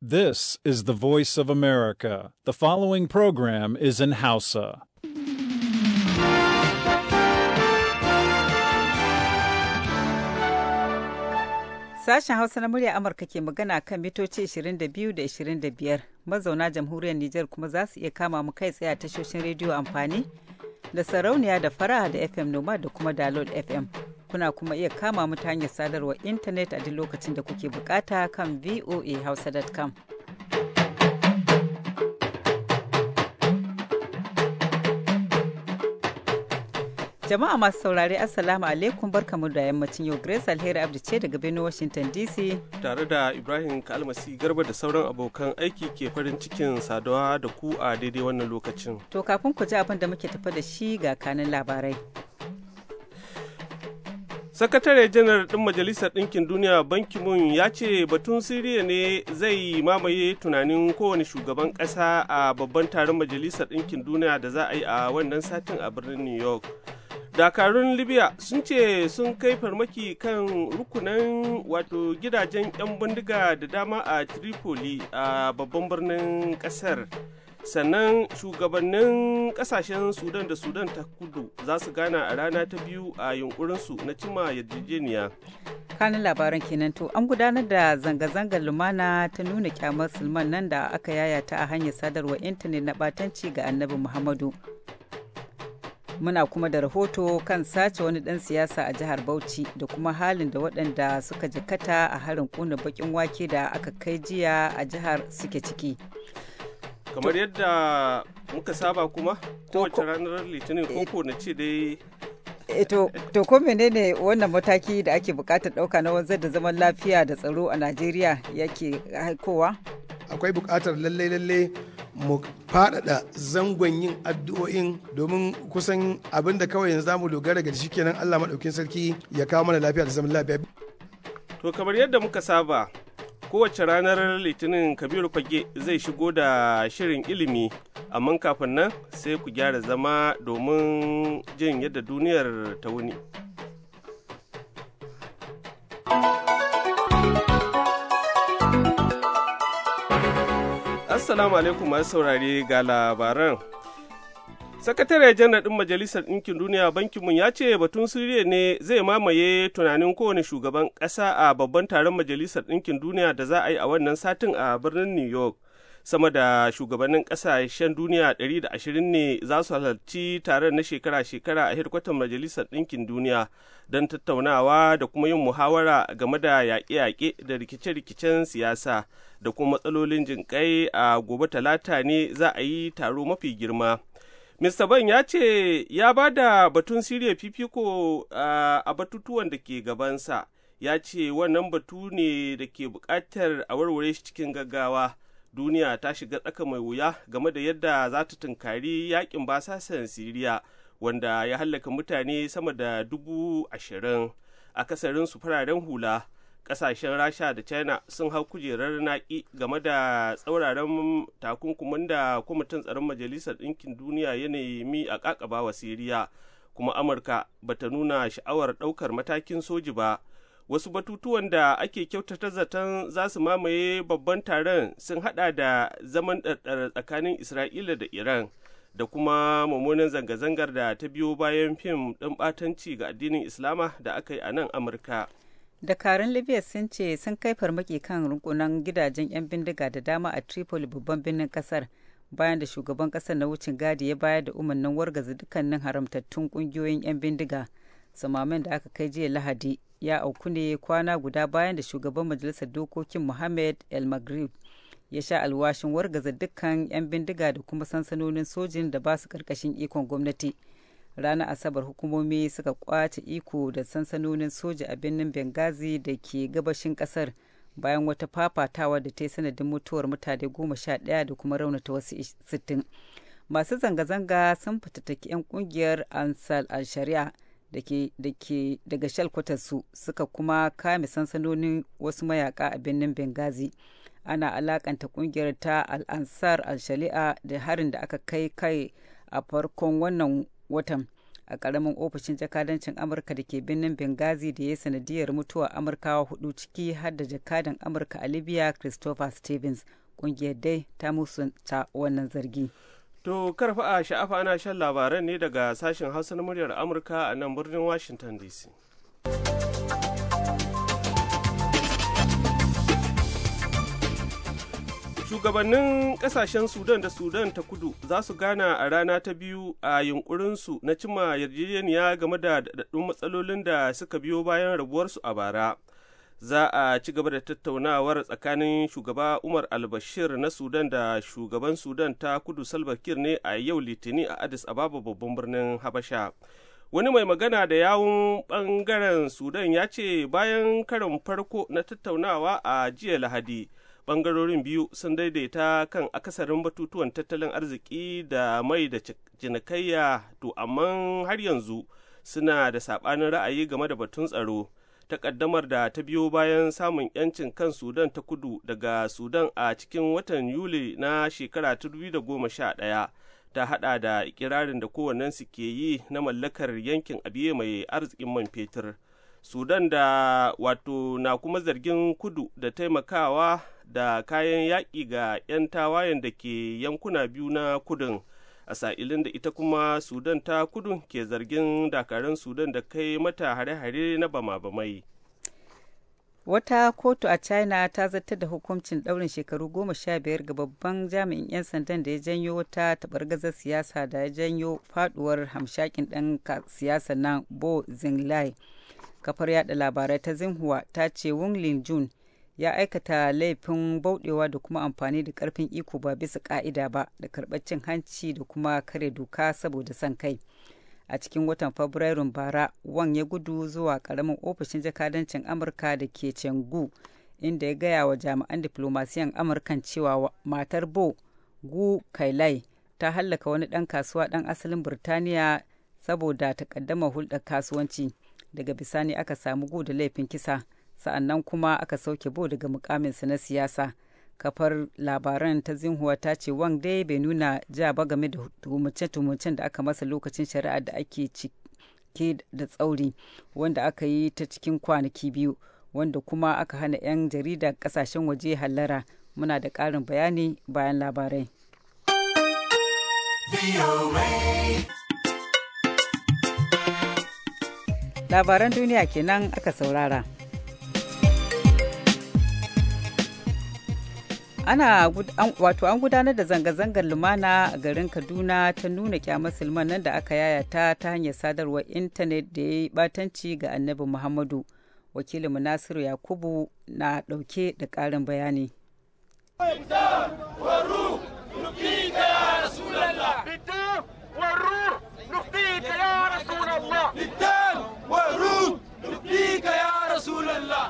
This is the voice of America. The following program is in Hausa. Sashen Hausa na murya Amurka ke magana kan mitoci 22 da 25 mazauna jamhuriyar Nijar kuma za su iya kama mu kai tsaye a tashoshin rediyo amfani da sarauniya da faraha da FM Noma da kuma Dalol FM. kuna kuma iya kama mu ta hanyar sadarwar intanet a duk lokacin da kuke bukata kan voahausa.com. Jama'a masu saurare Assalamu alaikum barkamu da yammacin yau Grace Alheri Abdi ce daga Benin Washington DC. Tare da Ibrahim Kalmasi Garba da sauran abokan aiki ke farin cikin saduwa da ku a daidai wannan lokacin. To kafin ku ji abin da muke tafa da shi ga kanin labarai. sakatare janar ɗin majalisar ɗinkin duniya banki mun ya ce batun siriya ne zai mamaye tunanin kowane shugaban ƙasa a babban taron majalisar ɗinkin duniya da za a yi a wannan satin a birnin new york dakarun libya sun ce sun kai farmaki kan rukunan wato gidajen 'yan bindiga da dama a tripoli a babban birnin ƙasar sannan shugabannin kasashen sudan da sudan ta kudu za su gana a rana ta biyu a yunkurinsu na cima yarjejeniya kanin labaran kenan to an gudanar da zanga-zangar lumana ta nuna kyamar sulman nan da aka yayata a hanyar sadarwar intanet na batanci ga annabi muhammadu muna kuma da rahoto kan sace wani dan siyasa a jihar bauchi da kuma halin da waɗanda suka jikata a harin kuna bakin wake da aka kai jiya a jihar suke ciki kamar yadda muka saba kuma kowace ranar litinin koko eh. na ce dai eh, to to ko menene wannan mataki da ake bukatar dauka na wanzar da zaman lafiya da tsaro a Najeriya yake haikowa akwai bukatar lalle lalle mu faɗaɗa zangon yin addu'o'in domin kusan abin da kawai yanzu zamu dogara ga shi kenan Allah maɗaukin sarki ya kawo mana lafiya da zaman lafiya to kamar yadda muka saba kowace ranar litinin kabiru fage zai shigo da shirin ilimi amma kafin nan sai ku gyara zama domin jin yadda duniyar ta wuni assalamu alaikum masu saurare ga labaran sakatare janar ɗin majalisar ɗinkin duniya Bankin bankinmu ya ce batun siriya ne zai mamaye tunanin kowane shugaban ƙasa a babban taron majalisar ɗinkin duniya da za a yi a wannan satin a birnin new york sama da shugabannin ƙasashen duniya 120 ne za su halarci taron na shekara-shekara a hirkwatar majalisar ɗinkin duniya don tattaunawa da kuma yin muhawara game da yaƙe-yaƙe da rikice-rikicen siyasa da kuma matsalolin jinƙai a gobe talata ne za a yi taro mafi girma. Mr. Ban ya ce ya ba da batun Siriya fifiko a batutuwan da ke gabansa, ya ce wannan batu ne da ke buƙatar a warware shi cikin gaggawa. Duniya ta shiga tsaka mai wuya game da yadda za ta tunkari yakin basasan Siriya, wanda ya hallaka mutane sama da dubu ashirin, a kasarin su fararen hula. kasashen rasha da china sun hau kujerar naki game da tsauraran takunkumin da kwamitin tsaron majalisar ɗinkin duniya ya nemi a ƙaƙaba wa siriya kuma amurka ba ta nuna sha'awar ɗaukar matakin soji ba wasu batutuwan da ake kyautata zaton za su mamaye babban taron sun hada da zaman ɗarɗar tsakanin isra'ila da iran da kuma mummunan zanga-zangar da ta biyo bayan fim ɗin ɓatanci ga addinin islama da aka yi a nan amurka dakarun libya sun ce sun kai farmaki kan rukunan gidajen 'yan bindiga da dama a tripoli babban birnin kasar bayan da shugaban kasar na wucin gadi ya bayar da umarnin wargaza dukkanin haramtattun kungiyoyin 'yan bindiga samamin da aka kai jiya lahadi ya auku ne kwana guda bayan da shugaban majalisar dokokin mohammed el maghrib ya sha alwashin wargaza dukkan 'yan bindiga da kuma sansanonin sojin da ba su karkashin ikon gwamnati ranar asabar hukumomi suka kwace iko da sansanonin soja a birnin benghazi da ke gabashin kasar bayan wata fafatawa da ta yi sanadin mutuwar mutane goma sha ɗaya da kuma raunata wasu sittin masu zanga-zanga sun fitattaki 'yan kungiyar ansal al-shari'a da ke daga shalkwatarsu suka kuma kame sansanonin wasu mayaka a birnin benghazi ana alakanta kungiyar ta al-ansar al-shari'a da harin da aka kai kai a farkon wannan watan a karamin ofishin jakadancin amurka da ke birnin benghazi da ya yi sanadiyar mutuwa amurkawa hudu ciki har da jakadan amurka a libya christopher stevens ƙungiyar dai ta musunta wannan zargi to karfa a sha'afa ana shan labaran ne daga sashen hausa na muryar amurka a nan birnin washington dc shugabannin kasashen sudan da sudan ta kudu za su gana a rana ta biyu a yunkurinsu na cima yarjejeniya game da daɗaɗɗun matsalolin da suka biyo bayan rabuwarsu a bara za a ci gaba da tattaunawar tsakanin shugaba umar albashir na sudan da shugaban sudan ta kudu salva ne a yau litinin a addis ababa babban birnin habasha wani mai magana da yawun ɓangaren sudan ya ce bayan karin farko na tattaunawa a jiya lahadi bangarorin biyu sun daidaita kan akasarin batutuwan tattalin arziki da mai da cinikayya to amma har yanzu suna da saɓanin ra'ayi game da batun tsaro takaddamar da ta biyo bayan samun yancin kan sudan ta kudu daga sudan a cikin watan yuli na shekara 2011 ta hada da ikirarin da kowannensu ke yi na mallakar yankin abiye mai arzikin man fetur sudan da wato na kuma zargin kudu da taimakawa da kayan yaƙi ga 'yan tawayen da ke yankuna biyu na kudin a sa'ilin da ita kuma sudan ta kudu ke zargin dakarun sudan da kai mata hare-hare na bama-bamai wata kotu a china ta zartar da hukuncin daurin shekaru goma sha biyar ga babban jami'in 'yan sandan da ya janyo wata tabargazar siyasa da ya janyo faduwar hamshakin ɗan siyasa na bo zinglai kafar yada labarai ta zinhua ta ce wung lin jun ya aikata laifin bauɗewa da kuma amfani da ƙarfin iko ba bisa ƙa'ida ba da karɓar cin hanci da kuma kare doka saboda son kai a cikin watan fabrairun bara wang ya gudu zuwa ƙaramin ofishin jakadancin amurka da ke cengu inda ya gaya wa jami'an diflomasiyan amurkan cewa matar bo gu kailai ta hallaka wani ɗan kasuwa ɗan asalin birtaniya saboda ta takaddama hulɗar kasuwanci daga bisani aka samu gu da laifin kisa sa'annan kuma aka sauke bo daga mukaminsa na siyasa kafar labaran ta zinhuwa ta ce wang dai bai nuna ja ba game da tumuce-tumucen da aka masa lokacin shari'a da ake cike da tsauri wanda aka yi ta cikin kwanaki biyu wanda kuma aka hana 'yan jarida kasashen waje hallara muna da ƙarin bayani bayan labarai labaran duniya kenan aka saurara. ana wato an gudanar da zanga-zangar lumana a garin kaduna ta nuna kyamar sulman nan da aka yayata ta hanyar sadarwar intanet da ya yi batanci ga annabi muhammadu wakilin nasiru yakubu na ɗauke da ƙarin bayani Ya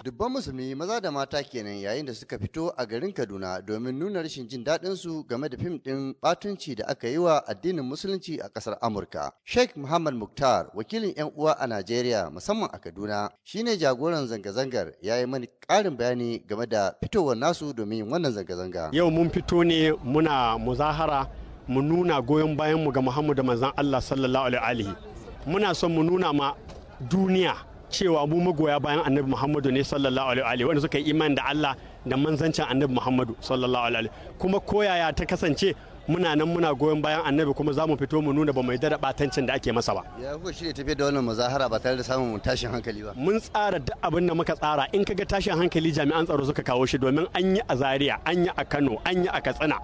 Dubban musulmi maza da mata kenan yayin da suka fito a garin Kaduna domin nuna rashin jin daɗin su game da fim ɗin batunci da aka yi wa addinin musulunci a ƙasar Amurka. Sheikh Muhammad Muktar, wakilin 'yan uwa a Najeriya musamman a Kaduna, shine jagoran zanga-zangar ya yi mani ƙarin bayani game da fitowar nasu domin wannan zanga-zanga. Yau mun fito ne muna muzahara mu nuna goyon bayan mu ga Muhammadu manzon Allah sallallahu alaihi muna son mu nuna ma duniya cewa mu magoya bayan annabi muhammadu ne sallallahu alaihi wanda suka yi imani da allah da manzancin annabi muhammadu sallallahu alaihi kuma koyaya ta kasance muna nan muna goyon bayan annabi kuma za mu fito mu nuna ba mai dada batancin da ake masa ba ya shi ne tafiya da wannan muzahara ba tare da samun tashin hankali ba mun tsara duk abin da muka tsara in ka ga tashin hankali jami'an tsaro suka kawo shi domin an yi a zaria an yi a kano an yi a katsina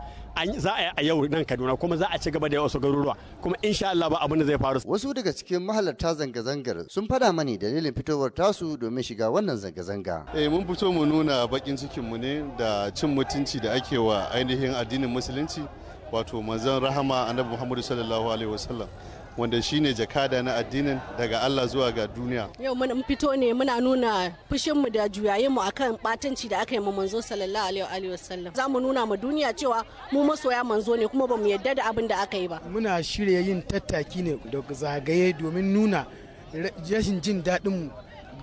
za a yi a yau nan kaduna kuma za a ci gaba da wasu garuruwa kuma insha Allah ba abin da zai faru wasu daga cikin mahalarta zanga-zangar sun fada mani dalilin fitowar tasu domin shiga wannan zanga-zanga eh mun fito mu nuna bakin cikin ne da cin mutunci da ake wa ainihin addinin musulunci wato manzon rahama annabi muhammadu sallallahu alaihi wasallam wanda shine jakada na addinin daga Allah zuwa ga duniya. Yau mun fito ne muna nuna fushinmu da juyayenmu akan batanci da aka yi ma manzo sallallahu alaihi wa Za mu nuna ma duniya cewa mu masoya manzo ne kuma ba mu yarda da abin da aka yi ba. Muna shirya yin tattaki ne da zagaye domin nuna rashin jin daɗinmu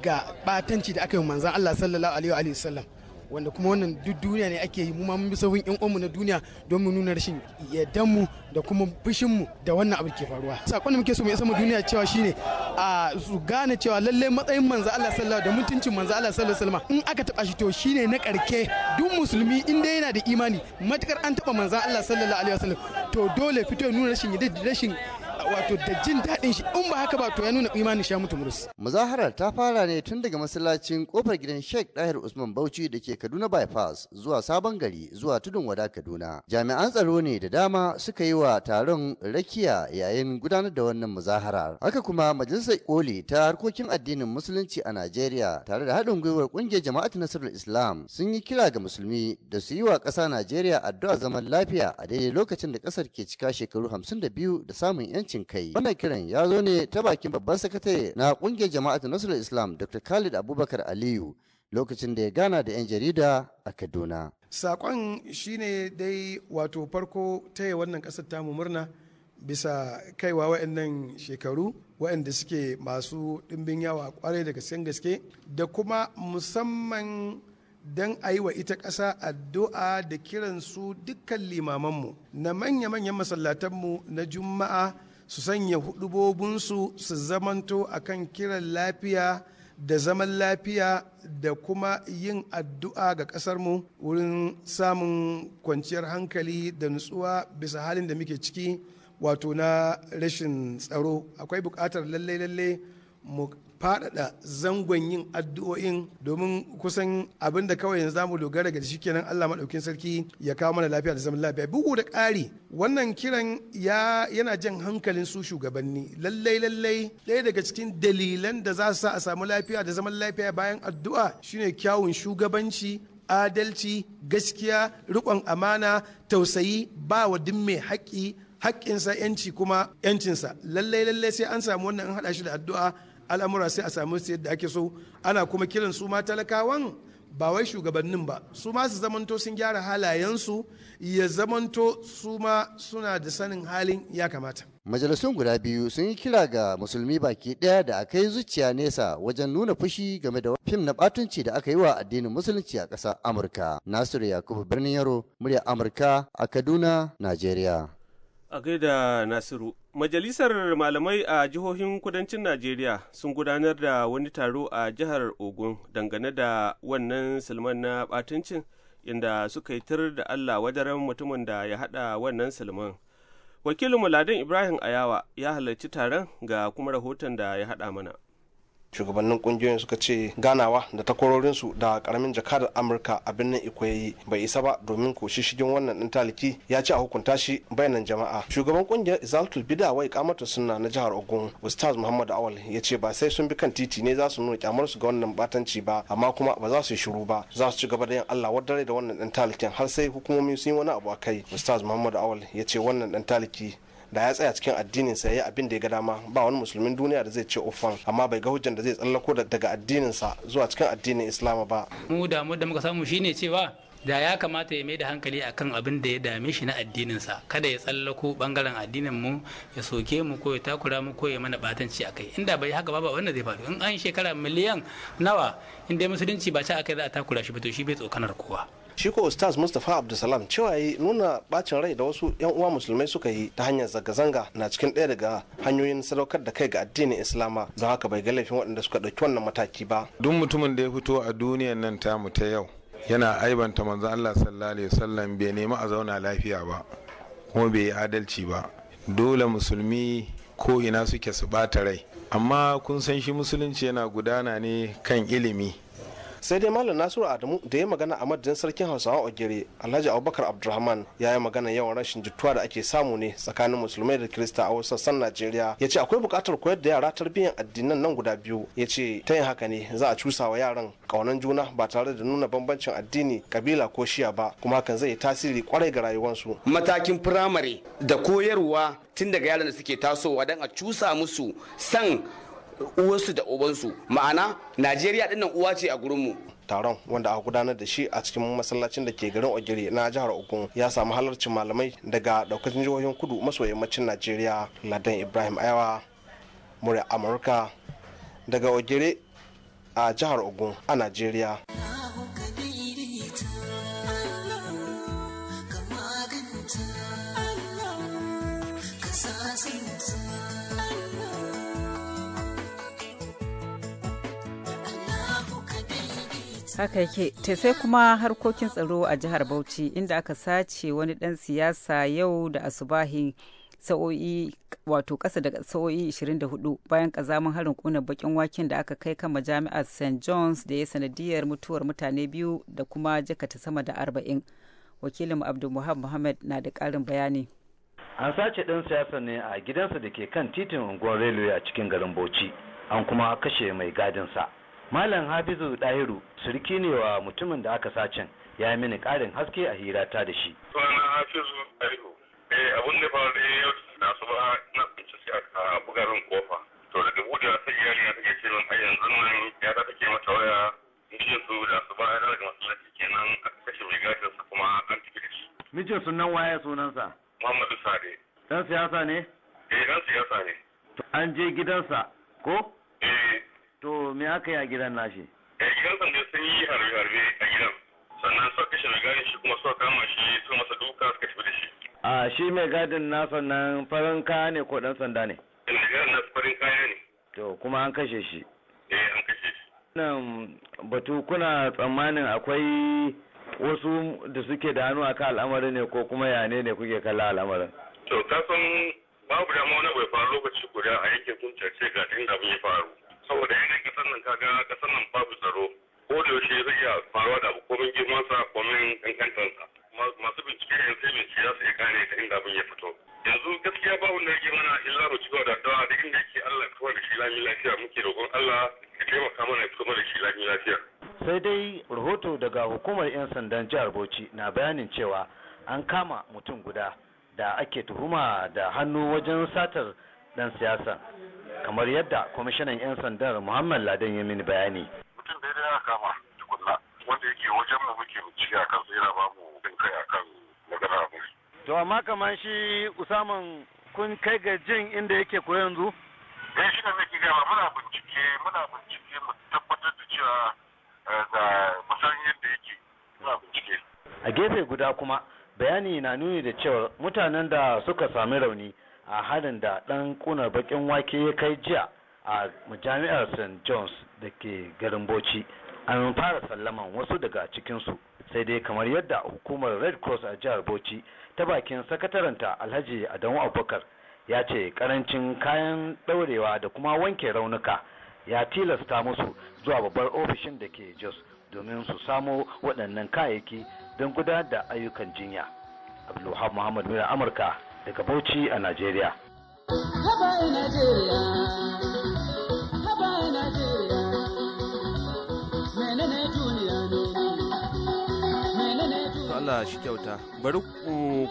ga batanci da aka yi manzon Allah sallallahu alaihi wa wanda kuma wannan duk duniya ne ake yi mu ma mun bi sahun yan uwanmu na duniya don mu nuna rashin yardan mu da kuma fushin mu da wannan abu ke faruwa sakon da muke so mu isa mu duniya cewa shine a su gane cewa lalle matsayin manzo Allah sallallahu da mutuncin manzo Allah sallallahu alaihi wasallam in aka taba shi to shine na karke duk musulmi in dai yana da imani matukar an taba manzo Allah sallallahu alaihi wasallam to dole fito nuna rashin rashin wato da jin daɗin shi in ba haka ba to ya nuna imanin sha mutu murus. Muzaharar ta fara ne tun daga masallacin kofar gidan Sheikh Dahir Usman Bauchi da ke Kaduna bypass zuwa Sabon Gari zuwa Tudun Wada Kaduna. Jami'an tsaro ne da dama suka yi wa taron rakiya yayin gudanar da wannan muzaharar. Haka kuma majalisar koli ta harkokin addinin musulunci a Najeriya tare da haɗin gwiwar ƙungiyar jama'at Nasarar Islam sun yi kira ga musulmi da su yi wa ƙasa Najeriya addu'a zaman lafiya a daidai lokacin da ƙasar ke cika shekaru 52 da samun 'yancin gashin kai wannan kiran ya zo ne ta bakin babban sakatare na kungiyar jama'atu nasarar islam dr khalid abubakar aliyu lokacin da ya gana da 'yan jarida a kaduna sakon shine dai wato farko ta yi wannan kasar tamu murna bisa kaiwa wa'annan shekaru wa'anda suke masu ɗimbin yawa kwarai da gasken gaske da kuma musamman don a yi wa ita ƙasa addu'a da kiransu dukkan limamanmu na manya-manyan masallatanmu na juma'a su sanya hudubobinsu su zamanto a kan kiran lafiya da zaman lafiya da kuma yin addu'a ga ƙasarmu wurin samun kwanciyar hankali da nutsuwa bisa halin da muke ciki wato na rashin tsaro akwai buƙatar lallai-lallai mu faɗaɗa zangon yin addu'o'in domin kusan abin da kawai yanzu zamu dogara ga shi kenan Allah maɗaukin sarki ya kawo mana lafiya da zaman lafiya bugu da ƙari wannan kiran ya yana jan hankalin su shugabanni lallai lallai ɗaya daga cikin dalilan da za su sa a samu lafiya da zaman lafiya bayan addu'a shine kyawun shugabanci adalci gaskiya riƙon amana tausayi ba wa duk mai haƙƙi haƙƙinsa yanci kuma yancinsa lallai lallai sai an samu wannan an haɗa shi da addu'a al'amura sai a samu su yadda ake so ana kuma kiran su ma talakawan ba wai shugabannin ba su ma su zamanto sun gyara halayensu ya zamanto su ma suna da sanin halin ya kamata majalisun guda biyu sun yi kira ga musulmi baki ɗaya da aka yi zuciya nesa wajen nuna fushi game da fim na batunci da aka yi wa addinin musulunci a ƙasar amurka nasiru yakubu birnin yaro murya amurka a kaduna najeriya a gaida nasiru Majalisar malamai a jihohin kudancin Najeriya sun gudanar da wani taro a jihar Ogun dangane da wannan salman na batuncin inda suka yi tir da Allah wajaren mutumin da ya haɗa wannan salman. Wakilin Muladin Ibrahim Ayawa ya halarci taron ga kuma rahoton da ya haɗa mana. shugabannin kungiyoyin suka ce ganawa da takwarorinsu da karamin jakadar amurka a birnin ikoyi bai isa ba domin ko shishigin wannan din taliki ya ci a hukunta shi bayanan jama'a shugaban kungiyar izaltul bida wai kamata suna na jihar ogun ustaz muhammad awal ya ce ba sai sun bi kan titi ne za su nuna kyamar su ga wannan batanci ba amma kuma ba za su yi shiru ba za su ci gaba da yin allah wadare da wannan din talikin har sai hukumomi sun yi wani abu a kai ustaz muhammad awal ya ce wannan din taliki da ya tsaya cikin addinin sa yayi abin da ya ga dama ba wani musulmin duniya da zai ce ufan amma bai ga hujjan da zai tsallako daga addinin sa zuwa cikin addinin islama ba mu damu da muka samu shine cewa da ya kamata ya mai da hankali akan abin da ya dame shi na addinin sa kada ya tsallako bangaren addinin mu ya soke mu ko ya takura mu ko ya mana batanci akai inda bai haka ba ba wanda zai faru in an shekara miliyan nawa inda musulunci ba ta akai za a takura shi ba to shi bai tsokanar kowa shi ko ustaz mustapha abdulsalam cewa yi nuna bacin rai da wasu yan uwa musulmai suka yi ta hanyar zanga-zanga na cikin ɗaya daga hanyoyin sadaukar da kai ga addinin islama don haka bai ga laifin waɗanda suka ɗauki wannan mataki ba duk mutumin da ya fito a duniyar nan ta mu ta yau yana aibanta manzo Allah sallallahu alaihi wasallam bai nemi a zauna lafiya ba kuma bai yi adalci ba dole musulmi ko ina suke su bata rai amma kun san shi musulunci yana gudana ne kan ilimi sai dai malam nasiru adamu da ya magana a madadin sarkin hausawa Ogire alhaji abubakar abdulrahman ya yi magana yawan rashin jituwa da ake samu ne tsakanin musulmai da kirista a wasu sassan najeriya ya ce akwai buƙatar koyar da yara tarbiyyar addinan nan guda biyu ya ce ta yin haka ne za a cusa wa yaran ƙaunar juna ba tare da nuna bambancin addini kabila ko shiya ba kuma hakan zai yi tasiri kwarai ga rayuwarsu matakin firamare da koyarwa tun daga yaran da suke tasowa don a cusa musu san uwarsu da ubansu ma'ana najeriya dinnan uwa ce a gurinmu taron wanda aka gudanar da shi a cikin masallacin da ke garin ogiri na jihar ogun ya samu halarcin malamai daga daukacin jihohin kudu maso yammacin najeriya ladan ibrahim ayawa murya amurka daga ogiri a jihar ogun a najeriya haka yake taisai sai kuma harkokin tsaro a jihar bauchi inda aka sace wani dan siyasa yau da asubahi sa'o'i wato kasa da sa'o'i 24 bayan kazamin harin kuna bakin waken da aka kai kama jami'ar st john's da ya sanadiyar mutuwar mutane biyu da kuma jakata sama da arba'in wakilin abdul muhammad na da karin bayani an sace ɗan siyasa ne a gidansa da ke kan titin unguwar railway a cikin garin bauchi an kuma kashe mai gadinsa malam hafizu dahiru surki ne wa mutumin da aka sace ya yi mini ƙarin haske a hira ta da shi sunan hafizu dahiru eh abun da faru da yau na su ba na bincike a bugarin kofa to daga da sai iyali na take ce min a yanzu nan ya ta take mata waya mijin su da su ba ya daga masallaci kenan a kashe mai gashin sa kuma an tafi da shi mijin sunan waye sunansa Muhammadu Sade dan siyasa ne eh dan siyasa ne an je gidansa ko eh to me aka yi a gidan nashi eh gidan sanda sun yi harbe-harbe a gidan sannan suka kashe mai gadin shi kuma suka kama shi suka masa duka suka tafi da shi a shi mai gadin na sannan farin kaya ne ko dan sanda ne eh, mai gidan na farin kaya ne to kuma an kashe shi eh an kashe shi nan batu kuna tsammanin akwai wasu da suke da hannu akan al'amarin ne ko kuma ya ne kuke kalla al'amarin to kasan babu dama wani bai faru lokaci guda a yake kun ce ga inda abin ya faru ga kasar nan babu tsaro ko da yaushe zai iya faruwa da abu komin girmansa komin kankantansa masu bincike yan sai bincike za su iya gane ta inda abin ya fito yanzu gaskiya babu na rage mana illa mu cigaba da addu'a da inda yake Allah ya da shi lami lafiya muke roƙon Allah ya taimaka mana ya fito da shi lami lafiya sai dai rahoto daga hukumar 'yan sandan jihar Bauchi na bayanin cewa an kama mutum guda da ake tuhuma da hannu wajen satar dan siyasa kamar yadda kwamishinan 'yan sandar muhammad ladan ya mini bayani mutum da ya kama tukunna wanda yake wajen mu muke bincike a yana ba mu bin kai a kan magana a to amma kamar shi usaman kun kai ga jin inda yake ko yanzu eh shi ne nake gaba muna bincike muna bincike mu tabbatar da cewa da eh, musan yadda yake muna bincike a gefe guda kuma bayani na nuni da cewa mutanen da suka sami rauni a harin da ɗan ƙunar baƙin wake ya kai jiya a jami'ar st john's da ke garin bauchi an fara sallaman wasu daga cikinsu sai dai kamar yadda hukumar red cross a jihar bauchi ta bakin sakataranta alhaji adamu abubakar ya ce karancin kayan ɗaurewa da kuma wanke raunuka ya tilasta musu zuwa babbar ofishin da ke jos domin su samo waɗannan kayayyaki don gudanar da ayyukan jinya abdulwahab muhammad mira amurka daga Bauchi a Najeriya. Allah shi kyauta bari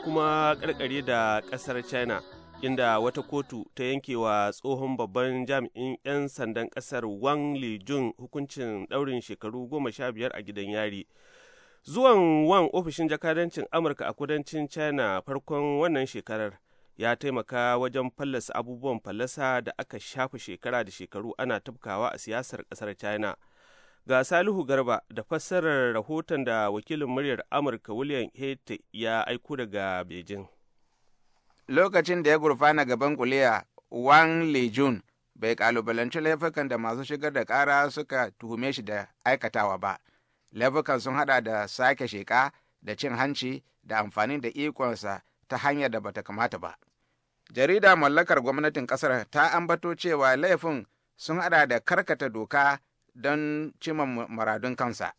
kuma karkare da kasar China inda wata kotu ta yanke wa tsohon babban jami'in 'yan sandan kasar Wang Lijun hukuncin daurin shekaru goma sha biyar a gidan yari. Zuwan wan ofishin jakadancin Amurka a kudancin China farkon wannan shekarar ya taimaka wajen fallasa abubuwan fallasa da aka shafa shekara da shekaru ana tafkawa a siyasar ƙasar China. Ga Salihu Garba da fassarar rahoton da wakilin muryar Amurka William hate ya aiko daga Beijing. Lokacin da ya gurfana gaban kuliya Wang Lejun bai kalubalanci laifukan da masu shigar da ƙara suka tuhume shi da aikatawa ba. laifukan sun hada da sake sheƙa da cin hanci da amfani da ikonsa ta hanyar da bata kamata ba. Jarida mallakar gwamnatin ƙasar ta ambato cewa laifin sun hada da karkata doka don cima maradun kansa.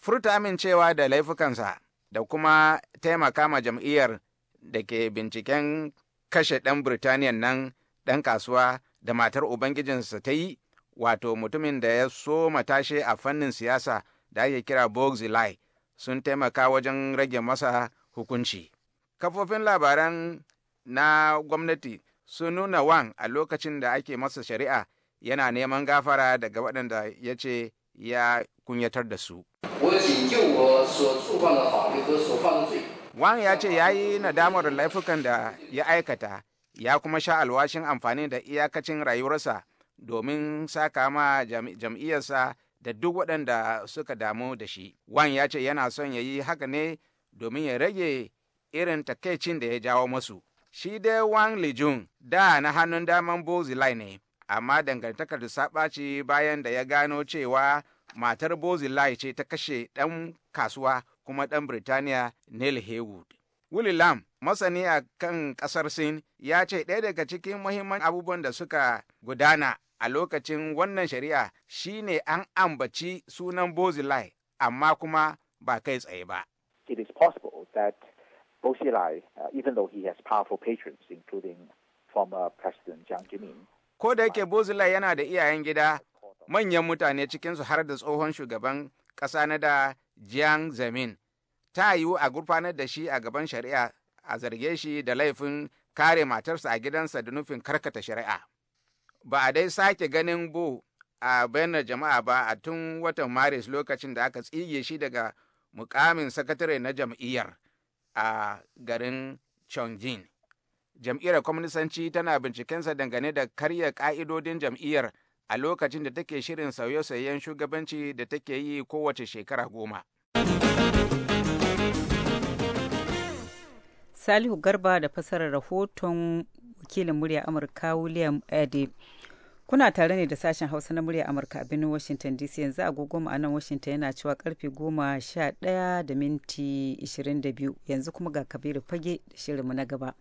Furta amincewa da laifukansa da kuma taimaka ma jam'iyyar da ke binciken kashe ɗan Birtaniyan nan ɗan kasuwa da matar Ubangijinsa ta yi, wato mutumin da ya so matashe a fannin siyasa da ake kira Boxilai sun taimaka wajen rage masa hukunci. Kafofin labaran na gwamnati sun nuna wan a lokacin da ake masa shari'a yana neman gafara daga waɗanda ya ce ya kunyatar da su. wan ya ce ya yi nadamar laifukan da ya aikata, ya kuma sha alwashin amfani da iyakacin rayuwarsa domin saka ma jam'iyyarsa da duk waɗanda suka damu da shi. Wan ya ce yana son ya yi haka ne domin ya rage irin takaicin da ya jawo masu. Shi dai Wang Lijun da na hannun daman Bozilai ne, amma dangantakar da saɓaci bayan da ya gano cewa matar Bozilai ce ta kashe ɗan kasuwa kuma ɗan Birtaniya Neil Haywood. Willy Lam, masani a kan ƙasar Sin, ya ce ɗaya daga cikin muhimman abubuwan da suka gudana a lokacin wannan shari'a shi ne an ambaci sunan Bozilai amma kuma ba kai tsaye ba. It is possible that Bozilai, uh, even though he has powerful patrons including former President Jiang Zemin. Ko da yake Bozilai yana da iyayen gida manyan mutane cikinsu har da tsohon shugaban ƙasa na da Jiang Zemin. Ta yiwu a gurfanar da shi a gaban shari'a a zarge shi da laifin kare matarsa a gidansa da nufin karkata shari'a. ba a dai sake ganin bo a bayanar jama'a ba a tun watan maris lokacin da aka tsige shi daga mukamin sakatare na jam'iyyar a garin chongjin jam'iyyar kwamnisanci tana bincikensa dangane da karya ka'idodin jam'iyyar a lokacin da take shirin sauye-sauyen shugabanci da take yi kowace shekara goma. Salihu Garba da fasarar rahoton wakilin murya amurka william ade kuna tare ne da sashen hausa na murya amurka a birnin washington dc yanzu agogo a nan washington yana cewa karfe goma sha ɗaya da minti ishirin da biyu yanzu kuma ga kabiru fage da shirinmu na gaba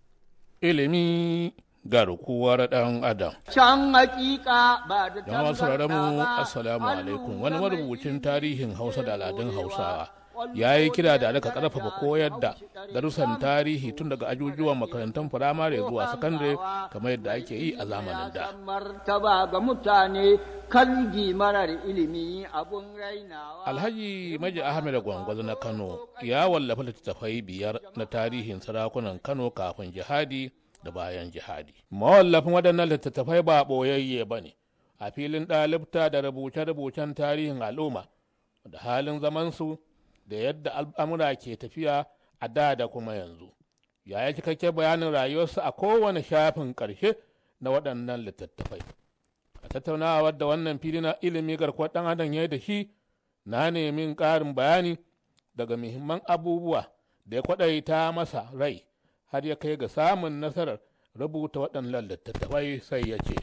ilimi ga kowa ɗan adam. Can hakika ba da Jama'a sauraron mu assalamu alaikum wani marubucin tarihin Hausa da al'adun Hausawa ya yi kira da alaka karfafa koyar da darussan tarihi tun daga ajujuwan makarantar firamare zuwa sakandare kamar yadda ake yi a zamanin da alhaji maji ahmed gwangwazo na kano ya wallafa littattafai biyar na tarihin sarakunan kano kafin jihadi da bayan jihadi mawallafin waɗannan littattafai ba ɓoyayye ba ne a filin ɗalibta da rubuce-rubucen tarihin al'umma da halin zamansu da yadda al'amura ke tafiya a da da kuma yanzu yaya cikakken bayanin rayuwarsa a kowane shafin ƙarshe na waɗannan littattafai a tattaunawar da wannan fili na ilimi garkuwar ɗan adam ya yi da shi na nemin ƙarin bayani daga muhimman abubuwa da ya kwaɗaita masa rai har ya kai ga samun nasarar rubuta waɗannan littattafai sai ya ce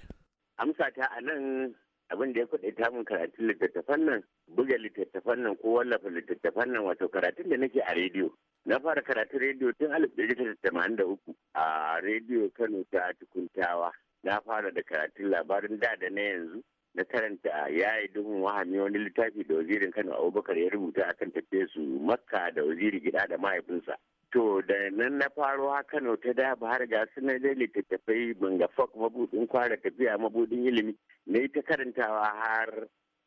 amsa ta a nan abin da ya kuɗe mun karatun littattafan nan buga littattafan nan ko wallafa littattafan nan wato karatun da nake a rediyo na fara karatun rediyo tun alif ɗari tamanin da uku a rediyo kano ta tukuntawa na fara da karatun labarin da da na yanzu na karanta ya yi duhun wahami wani littafi da wazirin kano abubakar ya rubuta akan tafiye su makka da waziri gida da mahaifinsa to da nan na faro kano ta da har ga su na dai littattafai ga fok mabudin kwara tafiya mabudin ilimi na ta karantawa har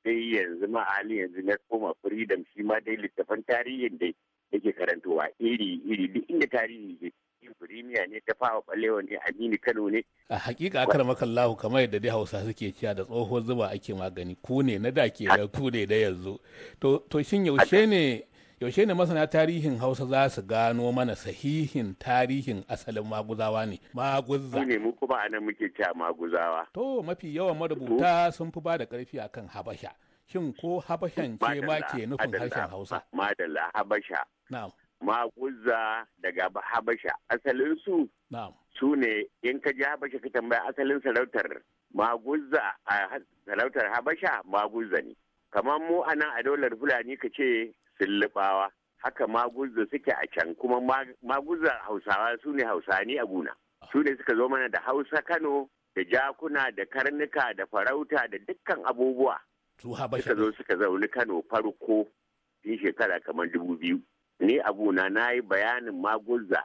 dai yanzu ma ali yanzu na koma freedom shi ma dai littattafan tarihin dai yake karantowa iri iri duk inda tarihi ke firimiya ne ta fawa balewa ne amini kano ne a hakika akar makallahu kamar yadda dai hausa suke cewa da tsohon zuba ake magani ku ne na da ke ku ne da yanzu to shin yaushe ne yaushe ne masana tarihin hausa za su gano mana sahihin tarihin asalin maguzawa ne maguza ne mu kuma anan muke cewa maguzawa to mafi yawan marubuta sun fi ba da karfi akan habasha shin ko habashan ce ma ke nufin harshen hausa madalla habasha na'am maguza daga habasha asalin su na'am su ne in ka ji habasha ka tambaya asalin sarautar maguza a sarautar habasha maguza ne kamar mu a nan a daular fulani ka ce sillibawa haka maguzza suke a can kuma maguzza hausawa su ne hausani a guna su ne suka zo mana da hausa kano da jakuna da karnuka da farauta da dukkan abubuwa suka zo suka zauni kano farko tun shekara kamar dubu biyu ni abuna na yi bayanin maguzza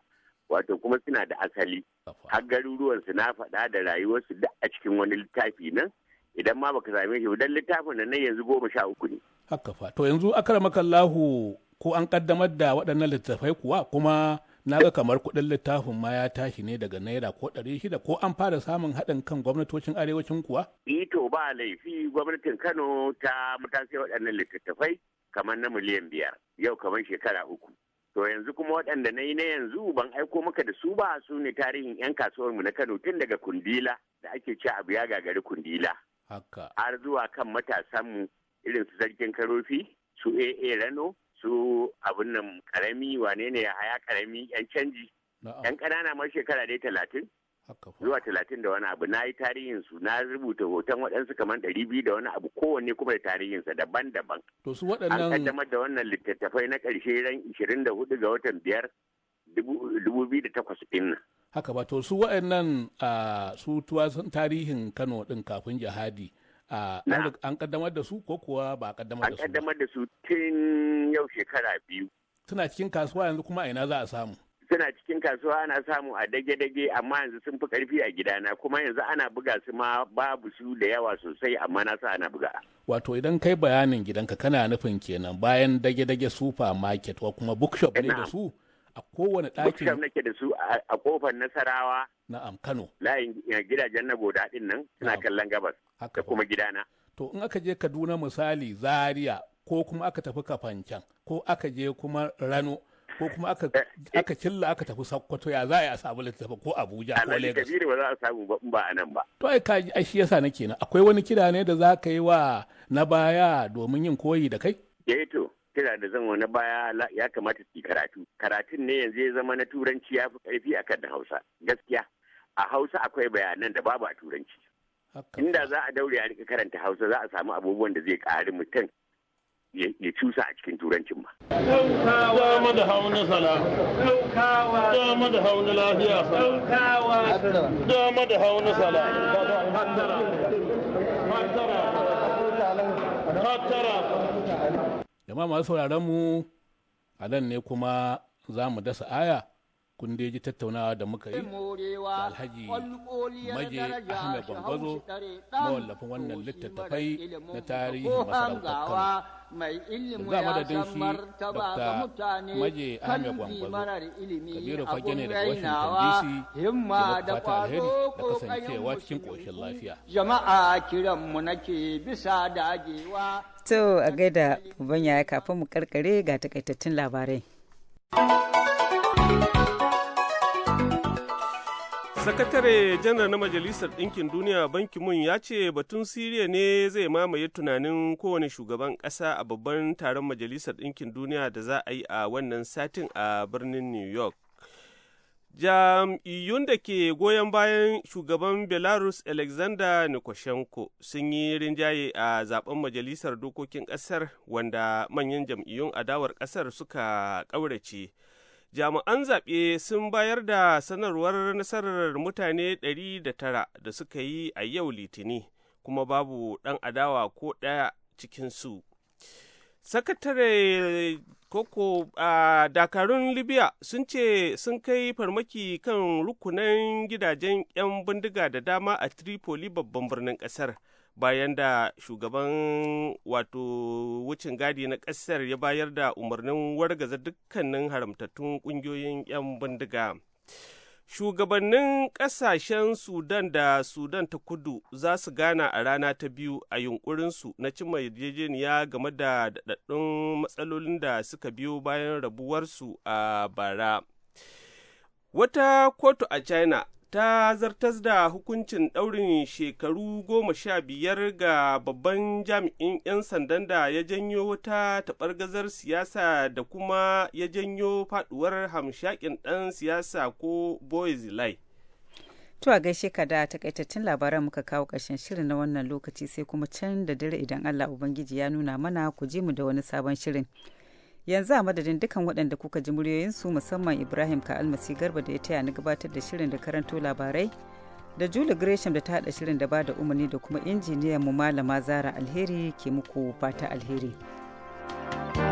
wato kuma suna da asali har garuruwansu na faɗa da rayuwarsu duk a cikin wani littafi nan idan ma baka same shi dan littafin nan yanzu goma sha uku ne haka fa to yanzu akramakallahu ko an kaddamar da waɗannan littattafai kuwa kuma na ga kamar kuɗin littafin ma ya tashi ne daga naira ko ɗari shida ko an fara samun haɗin kan gwamnatocin arewacin kuwa? ito ba laifi gwamnatin kano ta mutase waɗannan littattafai kamar na miliyan biyar yau kamar shekara uku to yanzu kuma waɗanda na yi na yanzu ban aiko maka da su ba su ne tarihin 'yan kasuwar mu na kano tun daga kundila da ake ci abu ya gagari kundila har zuwa kan matasanmu irin su zargin karofi su aa rano su abin nan karami wane ne haya karami yan canji yan kanana ma shekara dai talatin zuwa talatin da wani abu na yi tarihin su na rubuta hoton waɗansu kamar ɗari biyu da wani abu kowanne kuma da sa daban-daban. To su waɗannan. An kaddamar da wannan littattafai na ƙarshe ran ishirin da hudu ga watan biyar dubu biyu da takwas ɗin Haka ba to su waɗannan ah, su tuwa tarihin Kano ɗin kafin jihadi. an kaddamar da su ko kuwa ba a kaddamar da su an kaddamar da su tun yau shekara biyu suna cikin kasuwa yanzu kuma a ina za a samu suna cikin kasuwa ana samu a dage-dage amma yanzu sun fi karfi a gidana kuma yanzu ana buga su ma babu su da yawa sosai amma na sa ana buga. Wato idan kai bayanin gidanka kana nufin kenan bayan dage-dage supermarket ko kuma bookshop ne da su a kowane ɗakin bookshop nake da su a kofar nasarawa na'am kano layin eh, gidajen na goda ɗin nan suna kallon gabas da kuma gidana to in aka je kaduna misali zaria ko kuma aka tafi kafancan ko aka je kuma rano ko kuma aka cilla eh, eh. aka tafi sakkwato ya za a yi a samu littafa ko abuja ko lagos Kabiru ba za a samu ba a nan ba to ai ka ai shi yasa nake nan akwai wani kira ne da za ka yi wa na baya domin yin koyi da kai eh to kira da zanwa na baya ya kamata su yi karatu karatun ne yanzu ya zama na turanci ya fi karfi a kan hausa gaskiya a hausa akwai bayanan da babu a turanci inda za a daure a rika karanta hausa za a samu abubuwan da zai ƙari mutum ya cusa a cikin turancin ba. da sana. Dama da lafiya sana. Dama da sana. Hattara. Hattara. jama'a masu sauraron mu a nan ne kuma za mu dasa aya kun ji tattaunawa da muka yi da alhaji maje ahmed bambazo mawallafin wannan littattafai na tarihi masarautar kano za madadin shi dr maje ahmed bambazo kabiru fage ne da washington dc himma da alheri da kasancewa cikin koshin lafiya jama'a kiranmu nake bisa dagewa To a gaida uban yaya kafin mu karkare ga takaitattun labarai. sakatare janar na majalisar ɗinkin duniya banki mun ya ce batun siriya ne zai mamaye tunanin kowane shugaban ƙasa a babban taron majalisar ɗinkin duniya da za a yi a wannan satin a birnin new york Jam'iyyun da ke goyon bayan shugaban Belarus Alexander nikoshenko sun yi rinjaye a zaben majalisar dokokin kasar wanda manyan jam'iyyun adawar kasar suka kaurace Jami'an zaɓe sun bayar da sanarwar nasarar mutane 109 da suka yi a yau Litini, kuma babu ɗan adawa ko ɗaya cikinsu. sakatare koko a dakarun libya sun ce sun kai farmaki kan rukunan gidajen 'yan bindiga da dama a tripoli babban birnin kasar bayan da shugaban wato wucin gadi na kasar ya bayar da umarnin wargaza dukkanin haramtattun kungiyoyin 'yan bindiga Shugabannin ƙasashen Sudan da Sudan ta kudu za su gana a rana ta biyu a yunkurinsu na cimma yarjejeniya game da daɗaɗɗun matsalolin da suka biyo bayan rabuwarsu a bara. Wata kotu a China ta zartas da hukuncin ɗaurin shekaru goma sha biyar ga babban jami'in 'yan sandan da ya janyo wata taɓargazar siyasa da kuma ya janyo faɗuwar hamshakin ɗan siyasa ko boys lai. To a gaishe ka da takaitattun labaran muka kawo ƙarshen shirin na wannan lokaci sai kuma can da dare idan Allah Ubangiji ya nuna mana ku ji mu da wani sabon shirin. yanzu a madadin dukkan waɗanda kuka ji muryoyinsu musamman ibrahim ka almasi garba da ya taya ni gabatar da shirin da karanto labarai da julie gresham da ta haɗa shirin da ba da umarni da kuma injiniyan mu malama zara alheri ke muku fata alheri thank